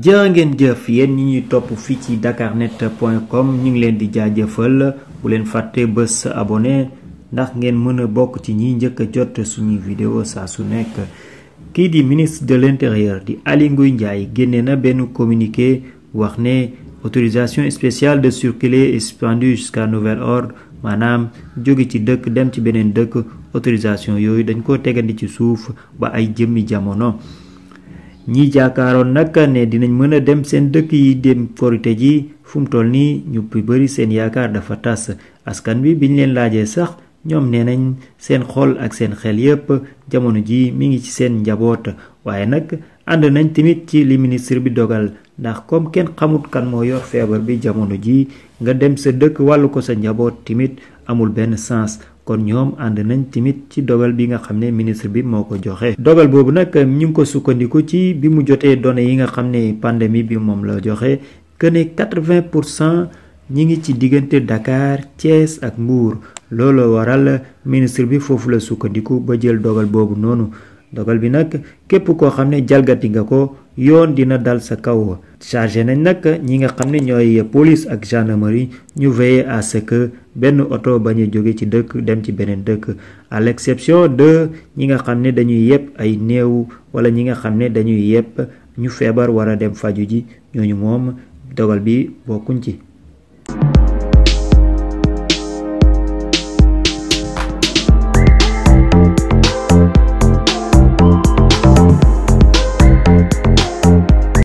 jërë ngeen jëf yéen ñi ñuy topp fii ci net dakarnet.com ñu ngi leen di jaajëfal bu leen fàtte bés abonné ndax ngeen mën a bokk ci ñi njëkk a jot suñuy vidéo saa su nekk. kii di ministre de l'intérieur di Aly Ngouille Ndiaye génnee na benn communiqué wax ne autorisation spéciale de circuler est suspendue jusqu'à nouvel maanaam jóge ci dëkk dem ci beneen dëkk autorisation yooyu dañ ko tegandi ci suuf ba ay jëmmi jamono. ñi jaakaaroon nag ne dinañ mën a dem seen dëkk yi dem korite ji fu mu toll nii ñu bëri seen yaakaar dafa tas askan bi biñ leen laajee sax ñoom nee nañ seen xol ak seen xel yépp jamono ji mi ngi ci seen njaboot waaye nag ànd nañ tamit ci li ministre bi dogal ndax comme kenn xamut kan moo yor feebar bi jamono ji nga dem sa dëkk wàllu ko sa njaboot tamit amul benn sens kon ñoom ànd nañ tamit ci dogal bi nga xam ne ministre bi moo ko joxe. dogal boobu nag ñu ngi ko sukkandiku ci bi mu jotee données yi nga xam ne pandémie bi moom la joxe que ne 80 pour cent ñi ngi ci diggante dakaar Thiès ak Mbour looloo waral ministre bi foofu la sukkandiku ba jël dogal boobu noonu. dogal bi nag képp koo xam ne jalgati nga ko yoon dina dal sa kaw chargé nañ nag ñi nga xam ne ñooy police ak gendarmerie ñu veiller à benn oto bañ a jóge ci dëkk dem ci beneen dëkk à l'exception de ñi nga xam ne dañuy yépp ay néew wala ñi nga xam ne dañuy yépp ñu feebar war a dem faju ji ñooñu moom dogal bi bokkuñ ci